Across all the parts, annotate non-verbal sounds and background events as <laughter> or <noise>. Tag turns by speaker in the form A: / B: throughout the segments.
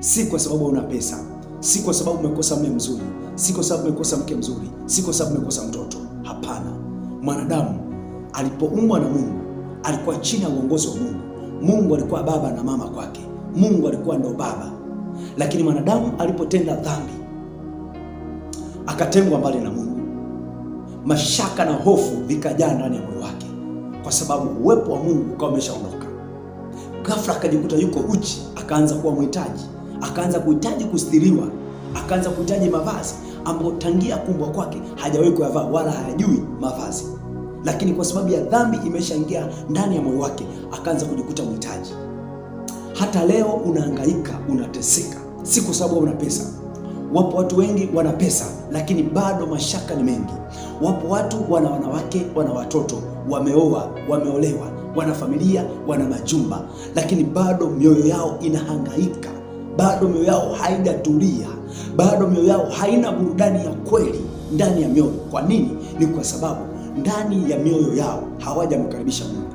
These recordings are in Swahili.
A: si kwa sababu una pesa, si kwa sababu umekosa mume mzuri, si kwa sababu umekosa mke mzuri, si kwa sababu umekosa mtoto. Hapana, mwanadamu alipoumbwa na Mungu alikuwa chini ya uongozi wa Mungu. Mungu alikuwa baba na mama kwake, Mungu alikuwa ndo baba. Lakini mwanadamu alipotenda dhambi akatengwa mbali na Mungu, mashaka na hofu vikajaa ndani ya moyo wake, kwa sababu uwepo wa Mungu ukawa umeshaondoka. Ghafla akajikuta yuko uchi, akaanza kuwa mhitaji akaanza kuhitaji kustiriwa, akaanza kuhitaji mavazi ambayo tangia kumbwa kwake hajawahi kuyavaa wala hayajui mavazi, lakini kwa sababu ya dhambi imeshaingia ndani ya moyo wake, akaanza kujikuta mhitaji. Hata leo unahangaika, unateseka, si kwa sababu una pesa. Wapo watu wengi wana pesa, lakini bado mashaka ni mengi. Wapo watu wana wanawake, wana watoto, wameoa, wameolewa, wana familia, wana majumba, lakini bado mioyo yao inahangaika bado mioyo yao haijatulia, bado mioyo yao haina burudani ya kweli ndani ya mioyo. Kwa nini? Ni kwa sababu ndani ya mioyo yao hawajamkaribisha Mungu.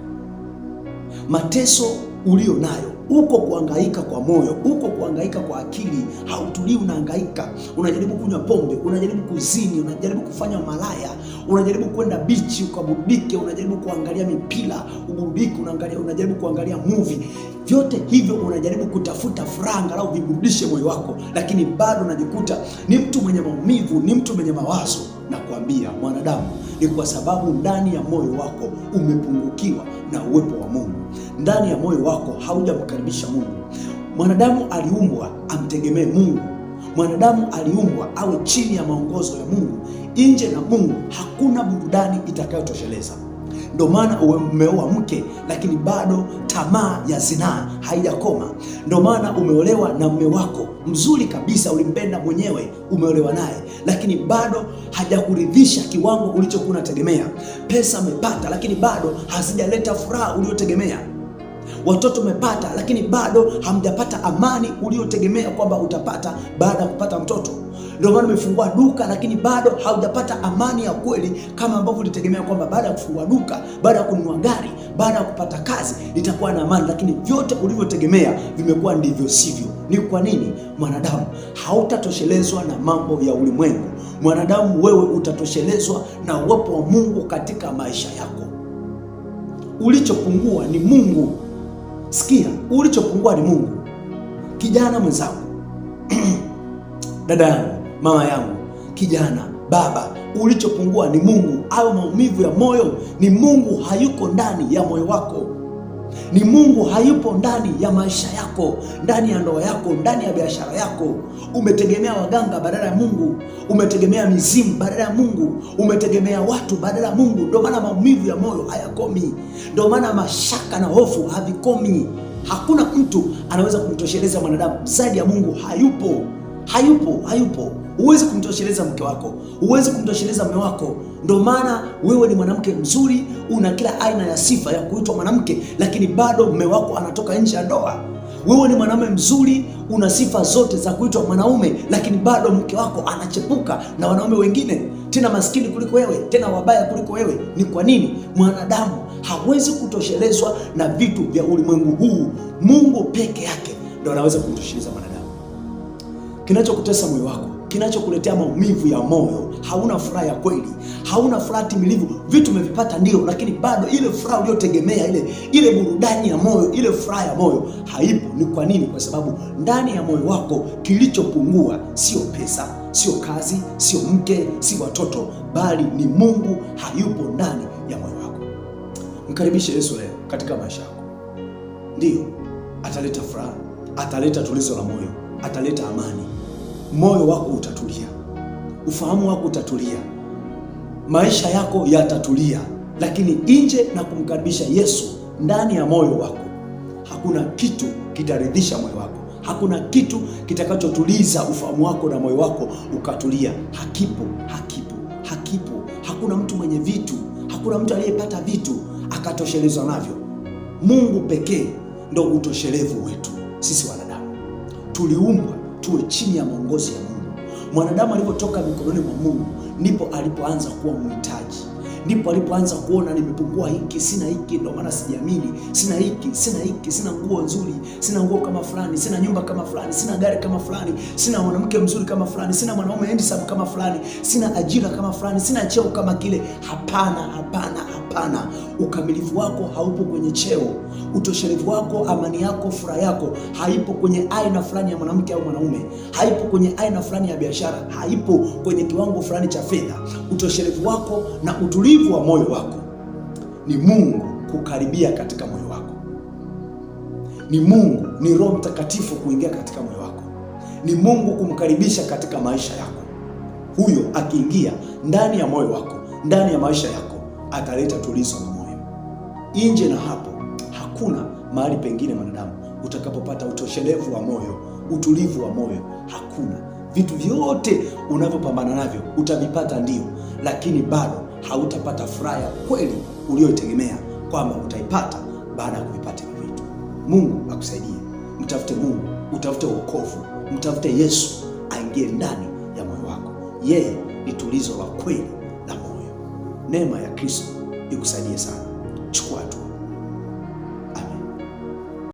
A: Mateso ulio nayo uko kuangaika kwa moyo, uko kuangaika kwa akili, hautulii, unaangaika, unajaribu kunywa pombe, unajaribu kuzini, unajaribu kufanya malaya, unajaribu kwenda bichi ukaburudike, unajaribu kuangalia mipira uburudike, unaangalia, unajaribu kuangalia movie. Vyote hivyo unajaribu kutafuta furaha angalau viburudishe moyo wako, lakini bado unajikuta ni mtu mwenye maumivu, ni mtu mwenye mawazo. Nakwambia mwanadamu, ni kwa sababu ndani ya moyo wako umepungukiwa na uwepo wa Mungu ndani ya moyo wako haujamkaribisha Mungu. Mwanadamu aliumbwa amtegemee Mungu. Mwanadamu aliumbwa awe chini ya maongozo ya Mungu. Nje na Mungu hakuna burudani itakayotosheleza. Ndo maana umeoa mke lakini bado tamaa ya zinaa haijakoma. Ndo maana umeolewa na mume wako mzuri kabisa, ulimpenda mwenyewe, umeolewa naye, lakini bado hajakuridhisha kiwango ulichokuwa unategemea. Pesa umepata, lakini bado hazijaleta furaha uliyotegemea. Watoto umepata, lakini bado hamjapata amani uliyotegemea kwamba utapata baada ya kupata mtoto. Ndio maana umefungua duka lakini bado haujapata amani ya kweli, kama ambavyo ulitegemea kwamba baada ya kufungua duka, baada ya kununua gari, baada ya kupata kazi itakuwa na amani, lakini vyote ulivyotegemea vimekuwa ndivyo sivyo. Ni kwa nini? Mwanadamu, hautatoshelezwa na mambo ya ulimwengu. Mwanadamu, wewe utatoshelezwa na uwepo wa Mungu katika maisha yako. Ulichopungua ni Mungu. Sikia, ulichopungua ni Mungu. Kijana mwenzangu, <clears throat> dada yangu mama yangu, kijana, baba, ulichopungua ni Mungu, au maumivu ya moyo ni Mungu. Hayuko ndani ya moyo wako, ni Mungu hayupo ndani ya maisha yako, ndani ya ndoa yako, ndani ya biashara yako. Umetegemea waganga badala ya Mungu, umetegemea mizimu badala ya Mungu, umetegemea watu badala ya Mungu. Ndio maana maumivu ya moyo hayakomi, ndio maana mashaka na hofu havikomi. Hakuna mtu anaweza kumtosheleza mwanadamu zaidi ya Mungu. Hayupo, hayupo, hayupo huwezi kumtosheleza mke wako, huwezi kumtosheleza mume wako. Ndio maana wewe ni mwanamke mzuri, una kila aina ya sifa ya kuitwa mwanamke, lakini bado mume wako anatoka nje ya ndoa. Wewe ni mwanamume mzuri, una sifa zote za kuitwa mwanaume, lakini bado mke wako anachepuka na wanaume wengine, tena maskini kuliko wewe, tena wabaya kuliko wewe. Ni kwa nini? Mwanadamu hawezi kutoshelezwa na vitu vya ulimwengu huu. Mungu peke yake ndo anaweza kumtosheleza mwanadamu. Kinachokutesa moyo wako kinachokuletea maumivu ya moyo, hauna furaha ya kweli, hauna furaha timilivu. Vitu umevipata ndio, lakini bado ile furaha uliyotegemea, ile ile burudani ya moyo, ile furaha ya moyo haipo. Ni kwa nini? Kwa sababu ndani ya moyo wako kilichopungua sio pesa, sio kazi, sio mke, si watoto, bali ni Mungu hayupo ndani ya moyo wako. Mkaribishe Yesu leo katika maisha yako, ndiyo ataleta furaha, ataleta tulizo la moyo, ataleta amani moyo wako utatulia, ufahamu wako utatulia, maisha yako yatatulia. Lakini nje na kumkaribisha Yesu ndani ya moyo wako, hakuna kitu kitaridhisha moyo wako, hakuna kitu kitakachotuliza ufahamu wako na moyo wako ukatulia. Hakipo, hakipo, hakipo. Hakuna mtu mwenye vitu, hakuna mtu aliyepata vitu akatoshelezwa navyo. Mungu pekee ndo utoshelevu wetu sisi wanadamu, tuliumbwa tuwe chini ya maongozi ya Mungu. Mwanadamu alipotoka mikononi mwa Mungu ndipo alipoanza kuwa mhitaji, ndipo alipoanza kuona nimepungua hiki, sina hiki, ndio maana sijiamini, sina hiki, sina hiki, sina nguo nzuri, sina nguo kama fulani, sina nyumba kama fulani, sina gari kama fulani, sina mwanamke mzuri kama fulani, sina mwanaume handsome kama fulani, sina ajira kama fulani, sina cheo kama kile. Hapana, hapana. Hapana, ukamilifu wako haupo kwenye cheo, utoshelevu wako, amani yako, furaha yako haipo kwenye aina fulani ya mwanamke au mwanaume, haipo kwenye aina fulani ya biashara, haipo kwenye kiwango fulani cha fedha. Utoshelevu wako na utulivu wa moyo wako ni Mungu kukaribia katika moyo wako, ni Mungu, ni Roho Mtakatifu kuingia katika moyo wako, ni Mungu kumkaribisha katika maisha yako. Huyo akiingia ndani ya moyo wako, ndani ya maisha yako ataleta tulizo la moyo. Nje na hapo, hakuna mahali pengine mwanadamu utakapopata utoshelevu wa moyo, utulivu wa moyo, hakuna. Vitu vyote unavyopambana navyo utavipata ndio, lakini bado hautapata furaha ya kweli uliyoitegemea kwamba utaipata baada ya kuvipata hivyo vitu. Mungu akusaidie, mtafute Mungu, utafute wokovu, mtafute Yesu aingie ndani ya moyo wako. Yeye ni tulizo la kweli neema ya Kristo ikusaidie sana.